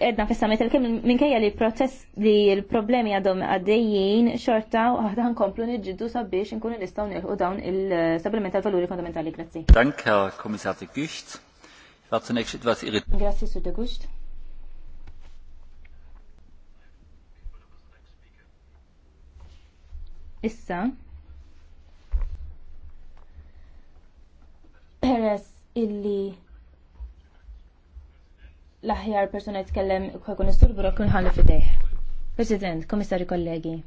edna fissamet il-kem minkejja li protest li l-problemi għadhom għaddejjien xorta u għadha nkomplu nġiddu sabiex nkunu nistaw nilħu dawn il-stabilment tal-valuri fondamentali. Grazie. Dank, Kommissar de Gucht. Grazzi etwas irrit. Grazie, su de Gucht. Issa. Peres illi l-aħjar persona jitkellem kwa kun istur kun ħalli fidejh. President, komissari kollegi.